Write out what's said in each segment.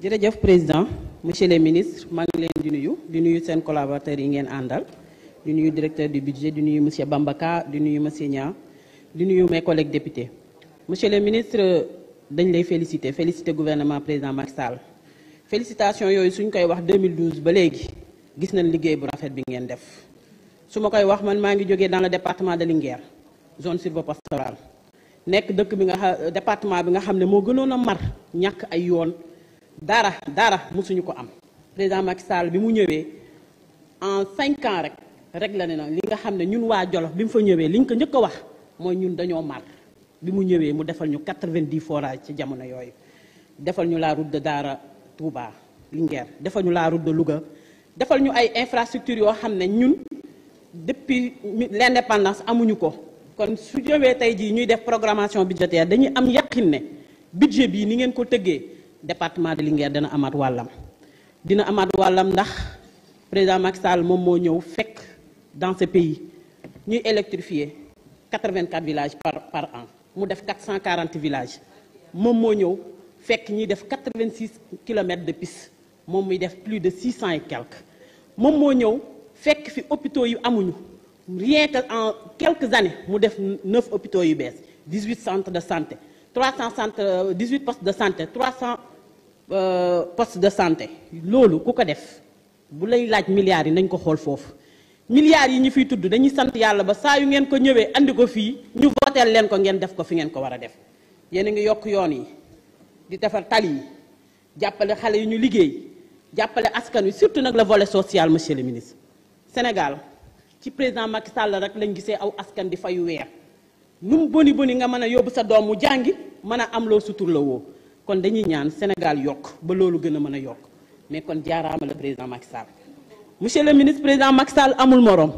jërëjëf président monsieur le ministre maa ngi leen di nuyu di nuyu seen collaborateurs yi ngeen àndal di nuyu directeur du budget di nuyu monsieur Bambaka di nuyu monsieur Niang di nuyu mes collègues députés monsieur le ministre dañ lay féliciter féliciter gouvernement président Macky Sall félicitations yooyu suñ koy wax 2012 ba léegi gis nañ liggéey bu rafet bi ngeen def su ma koy wax man maa ngi jógee dans le département de Linguère zone sylvopastorale nekk dëkk bi nga département bi nga xam ne moo gënoon a mar ñàkk ay yoon dara dara musuñu ko am président Macky Sall bi mu ñëwé en cinq ans rek rek la ne na li nga xamné ñun wa jollo bi mu fa ñëwé liñ ko njëkk wax moy ñun dañoo mar bi mu ñëwé mu défal ñu 90 forage ci jamono yoy défal ñu la route de Daara Touba Linguère defal ñu la route de Louga défal ñu ay infrastructures yo xamné ñun depuis l'indépendance amuñu ko kon su ñëwee tay ji ñuy def programmation budgétaire dañuy am yakine budget bi ni ngeen ko teggé département de Linguère dana amat wàllam dina président Macky Sall mom dans ce pays ñuy électrifier 84 villages par par an mu def 440 villages Nous avons ñew 86 km de piste Nous muy def plus de 600 et quelques Nous mo ñew fek hôpitaux yu amuñu rien qu'en quelques années mu def 9 hôpitaux yu 18 centres de santé 300 18 postes de santé 300 Euh, poste de santé loolu ku ko def bu lay laaj milliards yi nañ ko xool foofu milliards yi ñu fiy tudd dañuy sant yàlla ba saa yu ngeen ko ñëwee indi ko fii ñu voteel leen ko ngeen def ko fi ngeen ko war a def yéen a ngi yokk yoon yi di defar tali yi jàppale xale yi ñu liggéey jàppale askan wi surtout nag la vole social monsieur le ministre Sénégal ci président Macky Sall rek lañ gisee aw askan di fayu weer nu mu boni boni nga mën a yóbbu sa doom mu jàngi mën a am loo suturlawoo kon dañuy ñaan Sénégal yokk ba loolu gën a mën a mais kon le président Macky Sall monsieur le ministre président Macky Sall amul morom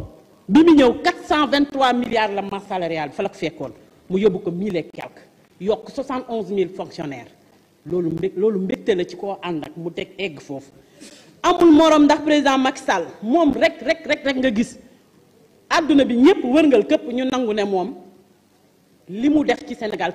bi 423 milliards la masse salariale fa la mu ko mille et fonctionnaires loolu loolu la ci mu egg président Macky Sall moom rek rek rek nga gis àdduna bi ñëpp wërngal képp ñu nangu ne def ci Sénégal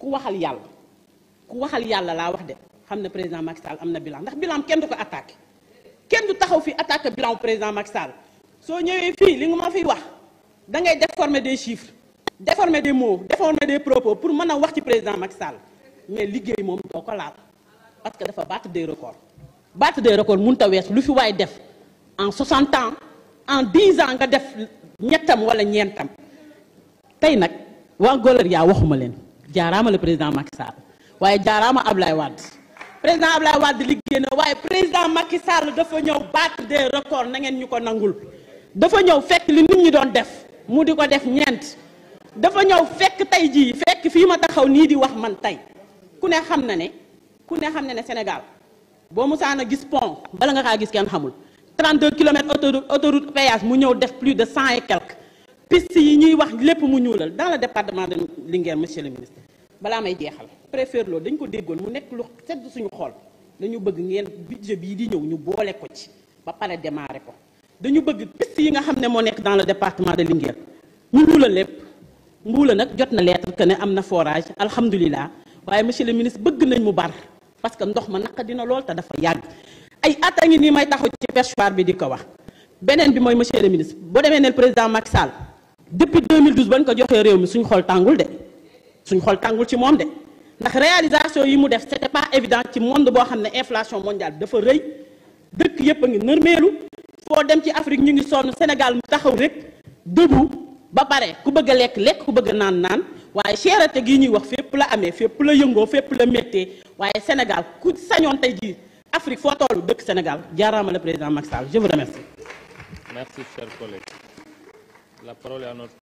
ku waxal yalla ku waxal yalla la wax de xam ne président Macky Sall bilan ndax bilan kenn du ko attaqué kenn du taxaw fi attaquer bilan président Macky Sall soo ñëwee fii li nga ma fi wax da ngay déformer des chiffres déformer des mots déformer des propos pour mën wax ci président Macky Sall mais liguey mom doo ko laal parce que dafa battre des records battre des records mënut a weesu lu fi way def en 60 ans en 10 ans nga def ñettam wala ñentam tay nak wa Golor ya waxuma len Jarama le président Macky Sall waye jaaraama Ablaye Wade président Ablaye Wade li gene waye président Macky Sall dafa ñew battre des records na ngeen ñuko nangul dafa ñew fekk li nit ñi doon def mu diko def ñent dafa ñew fekk tay ji fekk fi ma taxaw ni di wax man tay ku ne xam na ne ku ne xam na ne Sénégal Moussa na gis pont bala nga ka gis ken xamul 32 km autoroute autoroute péage mu ñew def plus de 100 et quelques piste yi ñuy wax lépp mu ñuulal dans le département de Linguère monsieur le ministre balaa may jeexal préfère loolu dañ ko déggoon mu nekk lu sedd suñu xool dañu bëgg ngeen budget bii di ñëw ñu boole ko ci ba pare démarré ko dañu bëgg piste yi nga xam ne moo nekk dans le département de Linguère mu ñuulal lépp mbuula nag jot na lettre que ne am na forage alhamdulilah waaye monsieur le ministre bëgg nañ mu bar parce que ndox ma naka dina lool te dafa yàgg ay at a nii may taxaw ci perchoir bi di ko wax beneen bi mooy monsieur le ministre boo demee le président Macky Sall depuis 2012 bañ ko joxee réew mi suñ xol tangul de suñ xol tangul ci mom de ndax réalisation yi mu def c'était pas évident ci monde bo xamné inflation mondiale dafa reuy dëkk yépp ngi nërmeelu fo dem ci Afrique ñu ngi sonu Sénégal mu taxaw rek debout ba paré ku bëgg a lekk ku bëgg nan nan waye waaye gi ñuy wax fépp la amé fépp la yëngo fépp la metté waye Sénégal ku sañon tay ji Afrique fo tollu dëkk Sénégal jaaraama le président Macky Sall je vous remercie. merci cher collègue. la prole norte.